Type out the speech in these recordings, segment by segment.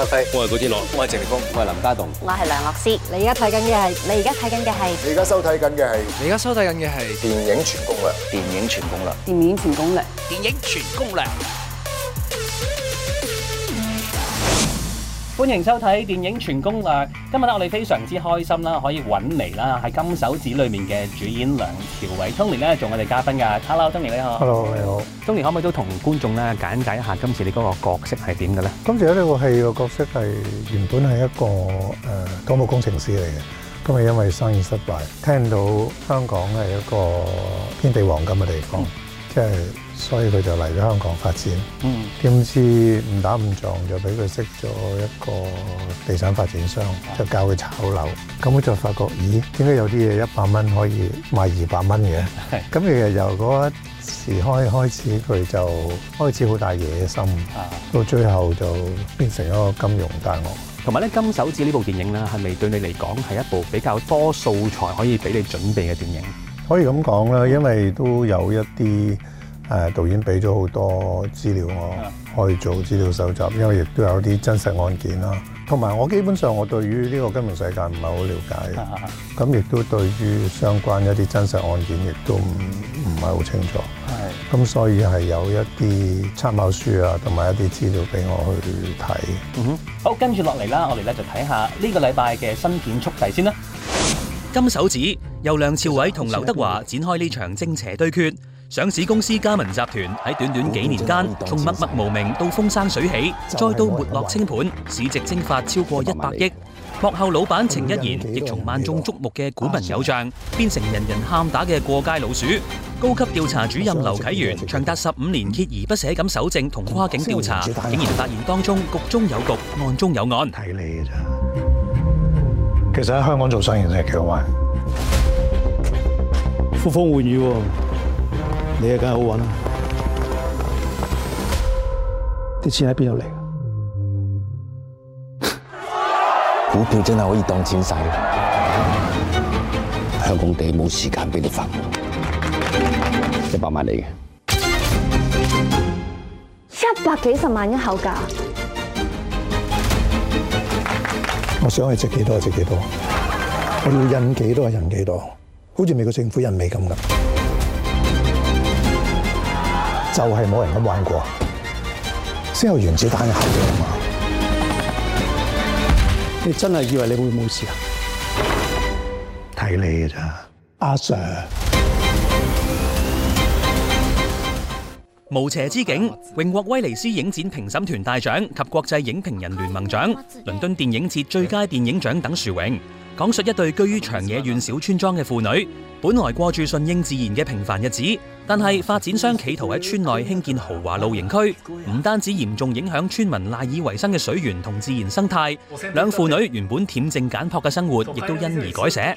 我係古天樂，我係謝霆鋒，我係林家棟，我係梁洛施。你而家睇緊嘅係，你而家睇緊嘅係，你而家收睇緊嘅係，你而家收睇緊嘅係電影全攻略，電影全攻略，電影全攻略，電影全攻略。歡迎收睇電影全攻略。今日咧我哋非常之開心啦，可以揾嚟啦，係《金手指》裏面嘅主演梁朝偉。Tony 所以佢就嚟咗香港發展，嗯，點知誤打誤撞就俾佢識咗一個地產發展商，就教佢炒樓。咁佢就發覺，咦？點解有啲嘢一百蚊可以賣二百蚊嘅？咁其實由嗰時開開始，佢就開始好大野心，到最後就變成一個金融大鱷。同埋咧，《金手指》呢部電影咧，係咪對你嚟講係一部比較多素材可以俾你準備嘅電影？可以咁講啦，因為都有一啲。誒、啊、導演俾咗好多資料，我可以做資料搜集，因為亦都有啲真實案件啦。同埋我基本上我對於呢個金融世界唔係好了解，咁亦、啊啊、都對於相關一啲真實案件亦都唔唔係好清楚。係咁、啊，啊、所以係有一啲參考書啊，同埋一啲資料俾我去睇。嗯哼，好，跟住落嚟啦，我哋咧就睇下呢個禮拜嘅新片速遞先啦。金手指由梁朝偉同劉德華展開呢場正邪對決。上市公司嘉文集團喺短短幾年間，從默默無名到風生水起，再到沒落清盤，市值蒸發超過一百億。幕後老闆程一賢亦從萬眾矚目嘅股民偶像，變成人人喊打嘅過街老鼠。高級調查主任劉啟源長達十五年鍥而不捨咁守正同跨境調查，竟然發現當中局中有局，案中有案。睇你嘅咋？其實喺香港做生意真係幾好玩，呼風喚雨。你啊，梗係好揾啦！啲錢喺邊度嚟？股票真係可以當錢使，香港地冇時間俾你返，一百萬嚟嘅，一百幾十萬一口價。我想係值幾多就值幾多，我要印幾多就印幾多，好似美國政府印美咁噶。就係冇人咁玩過，先有原子彈嘅效應啊嘛！你真係以為你會冇事啊？睇你咋，阿 Sir！無邪之境，榮獲威尼斯影展評審團大獎及國際影評人聯盟獎、倫敦電影節最佳電影獎等殊榮。講述一對居於長野縣小村莊嘅父女，本來過住順應自然嘅平凡日子，但係發展商企圖喺村內興建豪華露營區，唔單止嚴重影響村民賴以為生嘅水源同自然生態，兩父女原本恬靜簡樸嘅生活，亦都因而改寫。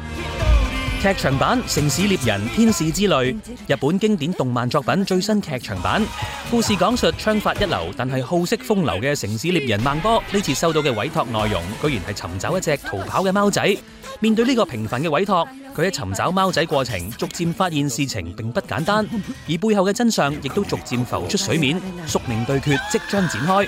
劇場版《城市獵人》、《天使之淚》，日本經典動漫作品最新劇場版，故事講述槍法一流但係好色風流嘅城市獵人孟波，呢次收到嘅委託內容居然係尋找一隻逃跑嘅貓仔。面對呢個平凡嘅委託，佢喺尋找貓仔過程逐漸發現事情並不簡單，而背後嘅真相亦都逐漸浮出水面，宿命對決即將展開。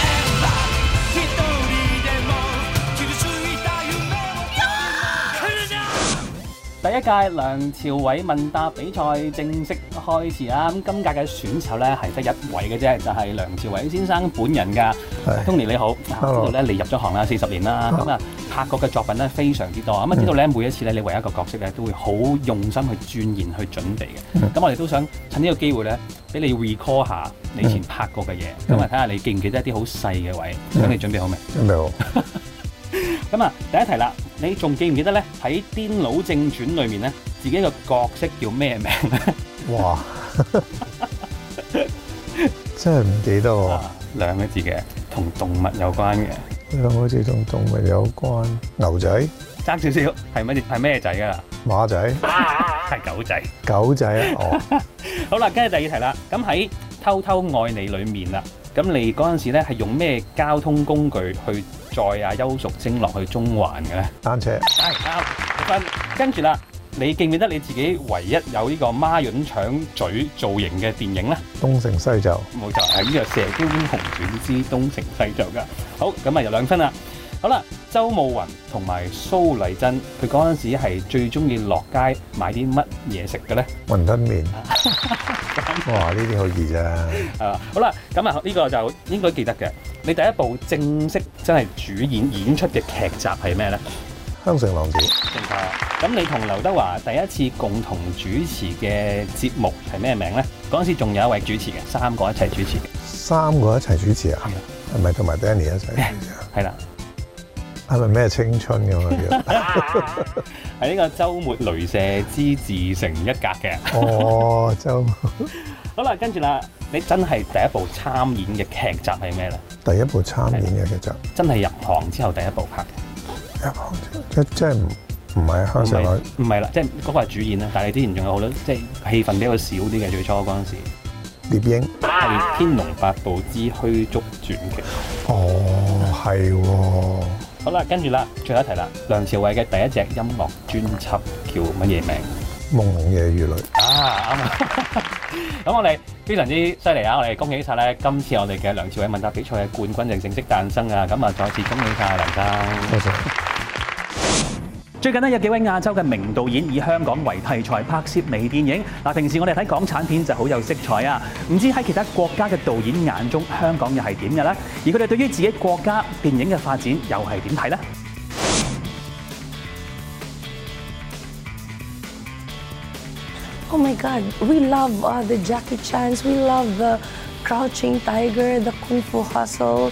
第一屆梁朝偉問答比賽正式開始啊！咁今屆嘅選手咧係得一位嘅啫，就係、是、梁朝偉先生本人㗎。是 Tony 你好，嗱，呢度咧你入咗行啦，四十年啦，咁啊、oh. 拍過嘅作品咧非常之多。咁啊知道咧每一次咧你為一個角色咧都會好用心去鑽研去準備嘅。咁、mm. 我哋都想趁呢個機會咧，俾你 recall 下你以前拍過嘅嘢。咁啊睇下你記唔記得一啲好細嘅位。咁你準備好未？準備好。咁啊，第一題啦，你仲記唔記得咧？喺《癲佬正傳》裏面咧，自己個角色叫咩名咧？哇！真係唔記得喎，兩個字嘅，同動物有關嘅。兩個字同動物有關，牛仔爭少少，係咪？係咩仔噶啦？馬仔係狗仔。狗仔哦。好啦，跟住第二題啦。咁喺《偷偷愛你》裏面啦，咁你嗰陣時咧係用咩交通工具去？在啊，邱淑貞落去中環嘅咧，單、嗯、車。哎啱、嗯，跟住啦，你記唔記得你自己唯一有呢個孖潤腸嘴造型嘅電影咧？東成西就，冇錯，係呢個《射鵰英雄傳》之《東成西就》噶。好，咁啊有兩分啦。好啦，周慕雲同埋蘇麗珍，佢嗰陣時係最中意落街買啲乜嘢食嘅咧？雲吞麵。 哇，呢啲好易咋。係啊， 好啦，咁啊呢個就應該記得嘅。你第一部正式真係主演演出嘅劇集係咩咧？《香城浪子》。正派。咁你同劉德華第一次共同主持嘅節目係咩名咧？嗰陣時仲有一位主持嘅，三個一齊主持。嘅。三個一齊主持啊？係啊。 係咪同埋 Danny 一齊？係啊。啦。係咪咩青春咁啊？係 呢 個周末雷射之自成一格嘅。 哦，周 好啦，跟住啦，你真係第一部參演嘅劇集係咩咧？第一部參演嘅劇集，真係入行之後第一部拍嘅。入行？即即係唔唔係香腸女？唔係啦，即係嗰個係主演啦。但係你之前仲有好多，即係戲份比較少啲嘅。最初嗰陣時，獵鷹係《天龍八部之虛竹傳奇》。哦，係喎。.好啦，跟住啦，最後一題啦，梁朝偉嘅第一隻音樂專輯叫，乜嘢名？夢龍嘅，玉女。啊，啱啊。咁，我哋非常之犀利啊，我哋恭喜晒呢，今次我哋嘅梁朝偉問答比賽，冠軍正正式誕生啊，咁，再次恭喜晒梁生。多謝。 最近咧有幾位亞洲嘅名導演以香港為題材拍攝微電影。嗱，平時我哋睇港產片就好有色彩啊！唔知喺其他國家嘅導演眼中，香港又係點嘅呢？而佢哋對於自己國家電影嘅發展又係點睇呢？o h my God, we love、uh, the Jackie Chan, we love the Crouching Tiger, the Kung Hustle.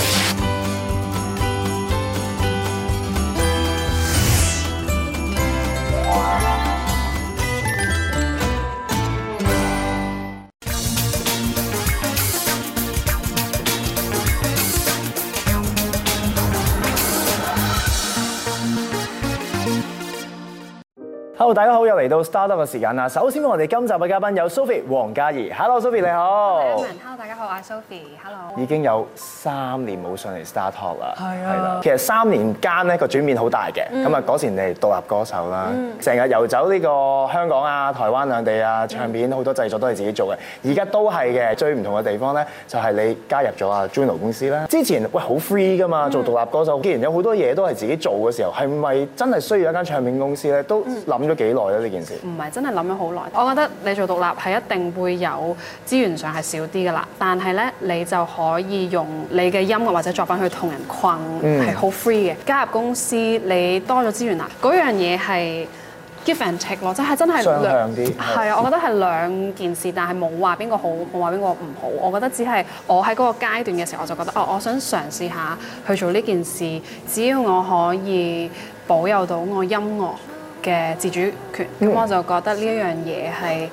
Hello，大家好，又嚟到 StarTalk 嘅時間啦。首先，我哋今集嘅嘉賓有 Sophie 黃嘉怡。Hello，Sophie 你好。Hello，大家好啊，Sophie。Hello。已經有三年冇上嚟 StarTalk 啦。係啊。係啦。其實三年間咧，個轉變好大嘅。咁啊，嗰時你係獨立歌手啦，成日遊走呢個香港啊、台灣兩地啊，唱片好、mm. 多製作都係自己做嘅。而家都係嘅。最唔同嘅地方咧，就係你加入咗阿 Juno 公司啦。之前喂好 free 噶嘛，做獨立歌手，既然有好多嘢都係自己做嘅時候，係咪真係需要一間唱片公司咧？都諗。Mm. 幾耐咧？呢、啊、件事唔係真係諗咗好耐。我覺得你做獨立係一定會有資源上係少啲嘅啦，但係呢，你就可以用你嘅音樂或者作品去同人困，係好 free 嘅。加入公司你多咗資源啦，嗰樣嘢係 give and take 咯，即係真係兩啲。係啊，我覺得係兩件事，但係冇話邊個好，冇話邊個唔好。我覺得只係我喺嗰個階段嘅時候，我就覺得哦，我想嘗試下去做呢件事，只要我可以保有到我音樂嘅自主權，咁、嗯、我就覺得呢一樣嘢係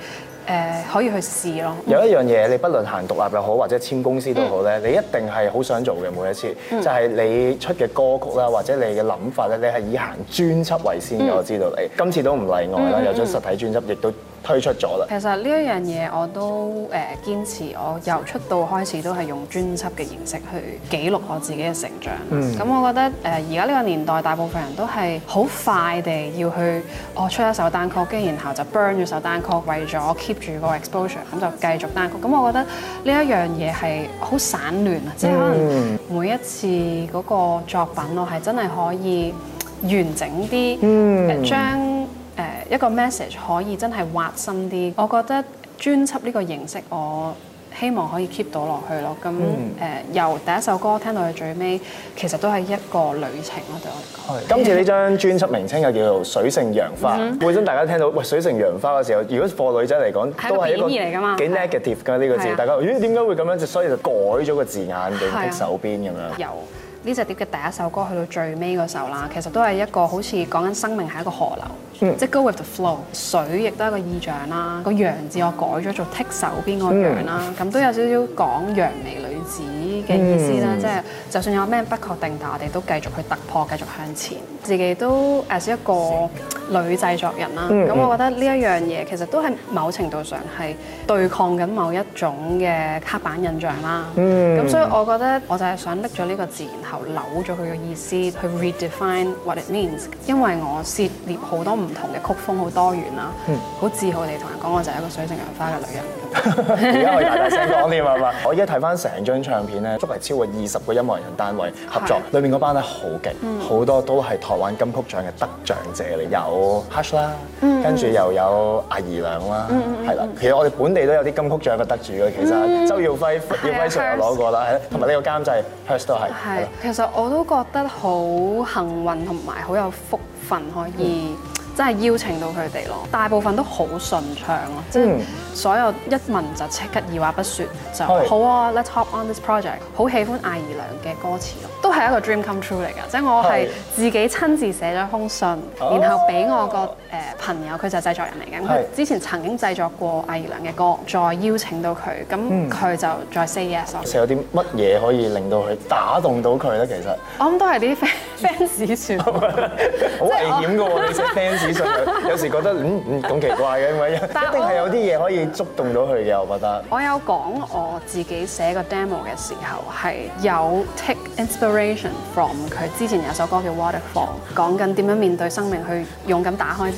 誒可以去試咯。嗯、有一樣嘢，你不論行獨立又好，或者簽公司都好咧，嗯、你一定係好想做嘅。每一次、嗯、就係你出嘅歌曲啦，或者你嘅諗法咧，你係以行專輯為先嘅。我知道你、嗯、今次都唔例外啦，有出實體專輯，亦都推出咗啦。其實呢一樣嘢我都誒堅持，我由出道開始都係用專輯嘅形式去記錄我自己嘅成長。咁、嗯、我覺得誒而家呢個年代大部分人都係好快地要去我、哦、出一首單曲，跟住然後就 burn 住首單曲，為咗 keep 住個 exposure，咁就繼續單曲。咁我覺得呢一樣嘢係好散亂啊，嗯、即係可能每一次嗰個作品我係真係可以完整啲，嗯、將。一個 message 可以真係挖深啲，我覺得專輯呢個形式，我希望可以 keep 到落去咯。咁誒，由第一首歌聽到去最尾，其實都係一個旅程咯，對我嚟講。今次呢張專輯名稱就叫做《水性楊花》，本身大家聽到喂《水性楊花》嘅時候，如果 for 女仔嚟講，都係一個幾 negative 㗎呢個字。大家咦點解會咁樣？就所以就改咗個字眼，叫《手邊》咁樣。有。呢隻碟嘅第一首歌去到最尾嗰首啦，其實都係一個好似講緊生命係一個河流，mm. 即係 Go with the flow。水亦都係一個意象啦，個陽字我改咗做剔手邊個揚啦，咁都、mm. 有少少講揚眉女子嘅意思啦，mm. 即係就算有咩不確定，但我哋都繼續去突破，繼續向前。自己都 as 一個。Mm. 女製作人啦，咁、嗯、我覺得呢一樣嘢其實都係某程度上係對抗緊某一種嘅刻板印象啦。咁、嗯、所以我覺得我就係想拎咗呢個字，然後扭咗佢嘅意思去 redefine what it means，因為我涉獵好多唔同嘅曲風好多元啦，好、嗯、自豪地同人講我就係一個水性楊花嘅女人。而家我大大聲講添係嘛！我而家睇翻成張唱片咧，足係超過二十個音樂人單位合作，是裏面嗰班咧好勁，好多都係台灣金曲獎嘅得獎者嚟，有。Hush 啦，跟住又有阿怡娘啦，係啦、嗯。其實我哋本地都有啲金曲獎嘅得主嘅，其實周耀輝耀輝叔又攞過啦，同埋呢個監製 Hush 都係。係、嗯，其實我都覺得好幸運同埋好有福分可以，嗯真係邀請到佢哋咯，大部分都好順暢咯，即係、嗯、所有一問就即刻二話不說就是好啊、哦，Let's hop on this project。好喜歡艾爾良嘅歌詞咯，都係一個 dream come true 嚟㗎，即係是我係自己親自寫咗封信，是然後俾我個。誒朋友，佢就係製作人嚟嘅。佢是的 之前曾經製作過艾怡良嘅歌，再邀請到佢，咁佢、嗯、就再 say yes 有啲乜嘢可以令到佢打動到佢咧？其實我諗都係啲 fans 算好危險嘅喎，你寫 fans 算， 有時覺得嗯嗯咁奇怪嘅，因為但我 一定係有啲嘢可以觸動到佢嘅。我覺得 我有講我自己寫個 demo 嘅時候係有 take inspiration from 佢之前有首歌叫 Waterfall，講緊點樣面對生命去勇敢打開。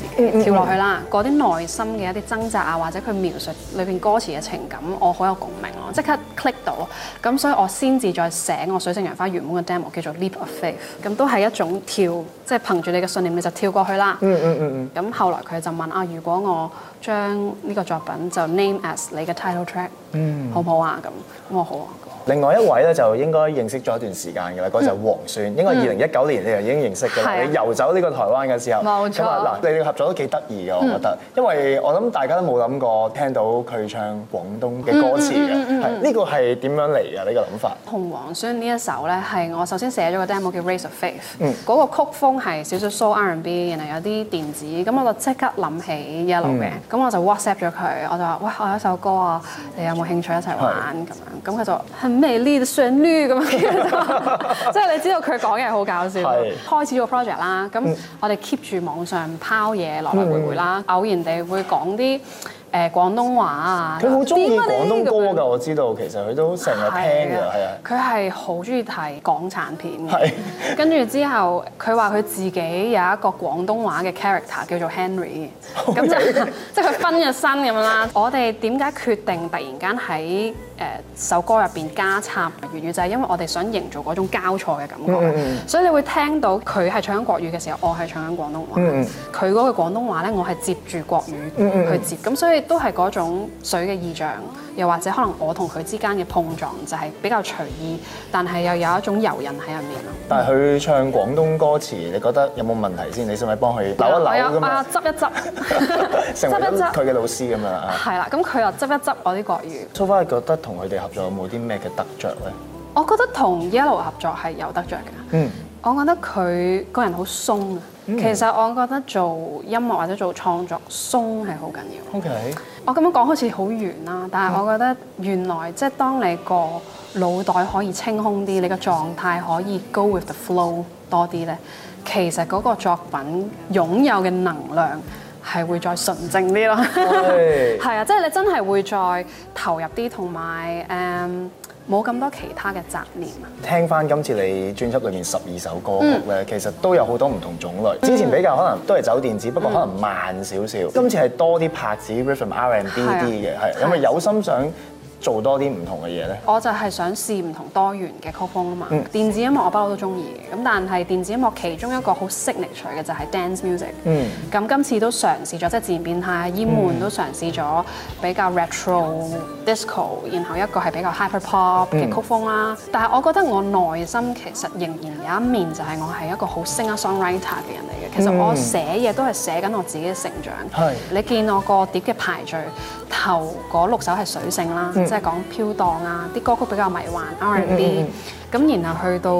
跳落去啦！嗰啲內心嘅一啲掙扎啊，或者佢描述裏邊歌詞嘅情感，我好有共鳴咯，即刻 click 到，咁所以我先至再寫我水性楊花原本嘅 demo 叫做 Leap of Faith，咁都係一種跳，即係憑住你嘅信念你就跳過去啦。嗯。嗯嗯嗯嗯。咁後來佢就問啊，如果我將呢個作品就 name as 你嘅 title track，嗯，好唔好啊？咁我好啊。另外一位咧就應該認識咗一段時間㗎啦，嗰就黃宣，應該係二零一九年你就已經認識㗎啦。你遊走呢個台灣嘅時候，冇錯。嗱，你哋合作都幾得意㗎，我覺得。因為我諗大家都冇諗過聽到佢唱廣東嘅歌詞㗎，係呢個係點樣嚟㗎？呢個諗法同黃宣呢一首咧，係我首先寫咗個 demo 叫《Race of Faith》，嗰個曲風係少少 soft R&B，然後有啲電子，咁我就即刻諗起 Yellow 嘅，咁我就 WhatsApp 咗佢，我就話，喂，我有一首歌啊，你有冇興趣一齊玩？咁樣，咁佢就係。你 lead 上咁樣，即係你知道佢講嘢好搞笑。開始個 project 啦，咁、嗯、我哋 keep 住網上拋嘢來來回回啦，嗯、偶然地會講啲誒廣東話啊。佢好中意廣東歌噶，我知道。其實佢都成日聽嘅，係啊。佢係好中意睇港產片嘅。跟住之後，佢話佢自己有一個廣東話嘅 character 叫做 Henry，咁就即係佢分咗身咁樣啦。我哋點解決定突然間喺，誒首歌入邊加插粵語，就係、是、因為我哋想營造嗰種交錯嘅感覺，mm hmm. 所以你會聽到佢係唱緊國語嘅時候，我係唱緊廣東話。佢嗰、mm hmm. 個廣東話咧，我係接住國語、mm hmm. 去接，咁所以都係嗰種水嘅意象，又或者可能我同佢之間嘅碰撞就係比較隨意，但係又有一種遊刃喺入面咯。但係佢唱廣東歌詞，你覺得有冇問題先？你使唔使幫佢扭一扭㗎嘛？我有、呃、執一執， 成為佢嘅老師咁樣。係啦，咁佢又執一執我啲國語。蘇番係覺得。同佢哋合作有冇啲咩嘅得着咧？我覺得同 Yellow 合作係有得着嘅。嗯，mm. 我覺得佢個人好鬆啊。Mm. 其實我覺得做音樂或者做創作，鬆係 Okay. 好緊要。OK。我咁樣講好似好圓啦，但係我覺得原來即係當你個腦袋可以清空啲，你個狀態可以 go with the flow 多啲咧，其實嗰個作品擁有嘅能量，係會再純淨啲咯，係，啊，即係你真係會再投入啲，同埋誒冇咁多其他嘅雜念。聽翻今次你專輯裏面十二首歌曲咧，嗯、其實都有好多唔同種類。之前比較可能都係走電子，不過可能慢少少。嗯、今次係多啲拍子，Rhythm R and B 啲嘅，係咁啊，的的有心想。做多啲唔同嘅嘢咧，我就係想試唔同多元嘅曲風啊嘛。嗯、電子音樂我不嬲都中意嘅，咁但係電子音樂其中一個好適嚦除 signature 嘅就係 dance music。嗯，咁今次都嘗試咗即係自然變態啊，煙霧都嘗試咗比較 retro、嗯、disco，然後一個係比較 hyper pop 嘅曲風啦。嗯、但係我覺得我內心其實仍然有一面就係我係一個好 singer songwriter 嘅人嚟。其實我寫嘢都係寫緊我自己嘅成長是。你見我個碟嘅排序，頭嗰六首係水性啦，嗯、即係講飄蕩啊，啲歌曲比較迷幻 R and B。咁、嗯嗯嗯、然後去到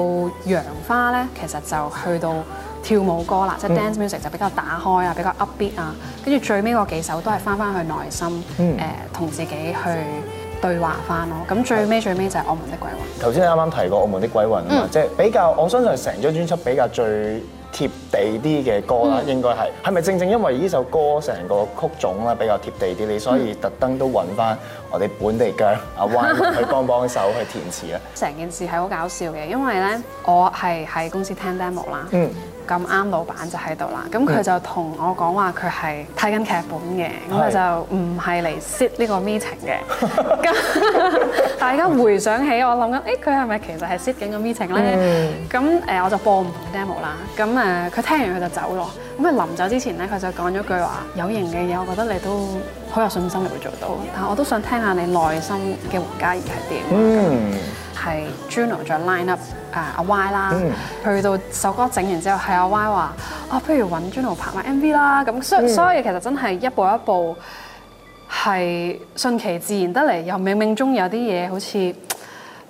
陽花咧，其實就去到跳舞歌啦，嗯、即係 dance music 就比較打開啊，比較 upbeat 啊。跟住最尾嗰幾首都係翻翻去內心，誒、嗯呃、同自己去對話翻咯。咁最尾、嗯、最尾就係、是《澳門的鬼魂》。頭先你啱啱提過《澳門的鬼魂》啊嘛，即係比較我相信成張專輯比較最貼地啲嘅歌啦。應該係，係咪正正因為呢首歌成個曲種啦比較貼地啲，你所以特登都揾翻我哋本地嘅阿灣去幫幫手去填詞啊？成件事係好搞笑嘅，因為咧我係喺公司聽 demo 啦。嗯咁啱，老闆就喺度啦。咁佢就同我講話，佢係睇緊劇本嘅，咁佢的就唔係嚟 sit 呢個 meeting 嘅。咁 大家回想起我諗緊，誒佢係咪其實係 sit 緊個 meeting 咧？咁誒、嗯、我就播唔同嘅 demo 啦。咁誒佢聽完佢就走囉。咁佢臨走之前咧，佢就講咗句話：有型嘅嘢，我覺得你都好有信心會做到。但係我都想聽下你內心嘅黃嘉怡係點。嗯係 Juno 仲 lineup 誒阿 Y 啦，去到首歌整完之後，係阿 Y 話啊，oh, 不如揾 Juno 拍埋 MV 啦，咁所所以其實真係一步一步係順其自然得嚟，又冥冥中有啲嘢好似。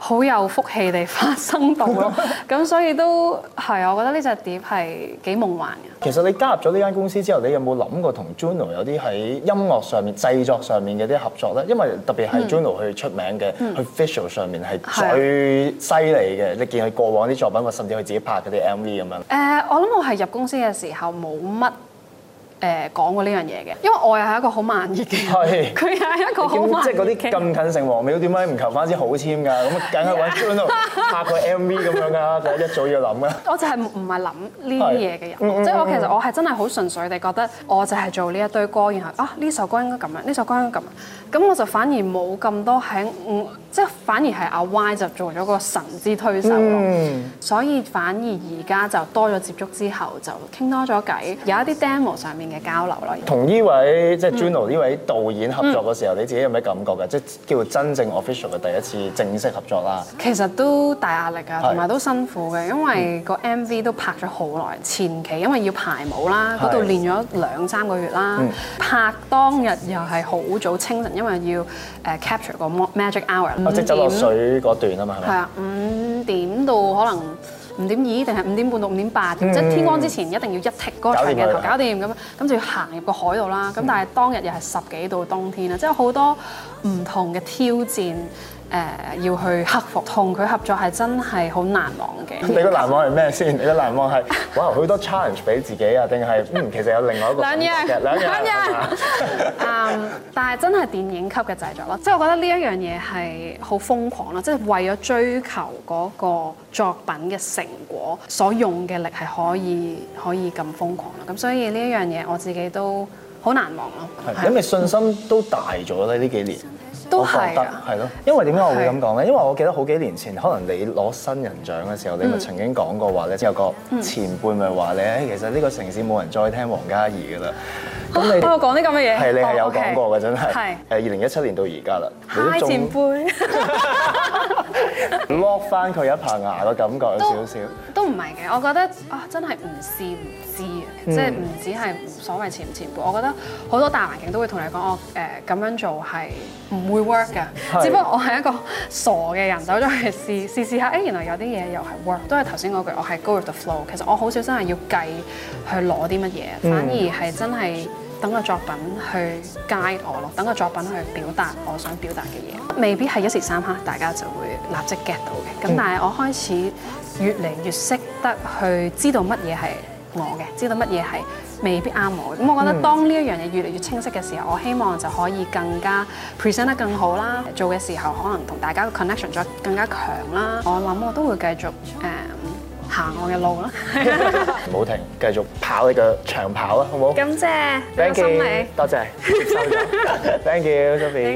好有福氣地發生到咯，咁 所以都係，我覺得呢隻碟係幾夢幻嘅。其實你加入咗呢間公司之後，你有冇諗過同 Juno 有啲喺音樂上面、製作上面嘅啲合作咧？因為特別係 Juno 佢出名嘅，佢 visual 上面係最犀利嘅。你見佢過往啲作品，或甚至佢自己拍嗰啲 MV 咁樣。誒、呃，我諗我係入公司嘅時候冇乜。誒講過呢樣嘢嘅，因為我又係一個好慢熱嘅，佢又係一個好即係嗰啲咁近城隍廟，點解唔求翻支好籤㗎？咁梗係揾 c h a n 拍個 MV 咁樣啦，我一早要諗啦。我就係唔係諗呢啲嘢嘅人，即係對 我其實我係真係好純粹地覺得，我就係做呢一堆歌，然後啊呢首歌應該咁樣，呢首歌應該咁樣。咁我就反而冇咁多喺、嗯，即係反而係阿 Y 就做咗個神之推手咯。嗯、所以反而而家就多咗接觸之後就傾多咗偈，有一啲 demo 上面嘅交流咯。同呢位即係 Juno 呢位導演合作嘅時候，你自己有咩感覺嘅？嗯、即係叫做真正 official 嘅第一次正式合作啦。其實都大壓力啊，同埋是都辛苦嘅，因為個 MV 都拍咗好耐前期，因為要排舞啦，度練咗兩三個月啦，嗯、拍當日又係好早清晨，因為要誒 capture 個 magic hour，即走落水嗰段啊嘛，係啊，五點到可能五點二定係五點半到五點八，即係天光之前一定要一 take 嗰個長鏡頭搞掂咁，咁就要行入個海度啦。咁但係當日又係十幾度冬天啦，即係好多唔同嘅挑戰誒要去克服。同佢合作係真係好難忘嘅。你個難忘係咩先？你個難忘係哇，好多 challenge 俾自己啊，定係嗯，其實有另外一個兩日。係電影級嘅製作咯，即係我覺得呢一樣嘢係好瘋狂啦，即係為咗追求嗰個作品嘅成果，所用嘅力係可以可以咁瘋狂啦。咁所以呢一樣嘢我自己都好難忘咯。係是，咁咪是信心都大咗咧呢幾年，都係是，係咯。因為點解我會咁講咧？因為我記得好幾年前，可能你攞新人獎嘅時候，你咪曾經講過話咧，嗯、有個前輩咪話咧，嗯、其實呢個城市冇人再聽王嘉儀噶啦。哦、我講啲咁嘅嘢，係你係有講過嘅，oh, okay. 真係。係。誒，二零一七年到而家啦，你都中。前輩。lock 翻佢一棚牙嘅感覺有少少。都唔係嘅，我覺得啊，真係唔試唔知啊，即係唔止係所謂前唔前輩。我覺得好多大環境都會同你講，我誒咁樣做係唔會 work 嘅。只不過我係一個傻嘅人，走咗去試試試下。哎，原來有啲嘢又係 work。都係頭先嗰句，我係 go with the flow。其實我好少真係要計去攞啲乜嘢，反而係真係。等個作品去 guide 我咯，等個作品去表達我想表達嘅嘢，未必係一時三刻大家就會立即 get 到嘅。咁、嗯、但係我開始越嚟越識得去知道乜嘢係我嘅，知道乜嘢係未必啱我。咁、嗯、我覺得當呢一樣嘢越嚟越清晰嘅時候，我希望就可以更加 present 得更好啦。做嘅時候可能同大家嘅 connection 再更加強啦。我諗我都會繼續誒行、um, 我嘅路啦。冇 停。繼續跑呢個長跑啊，好唔好？感謝，thank you，多謝，收咗，thank you，Sophie。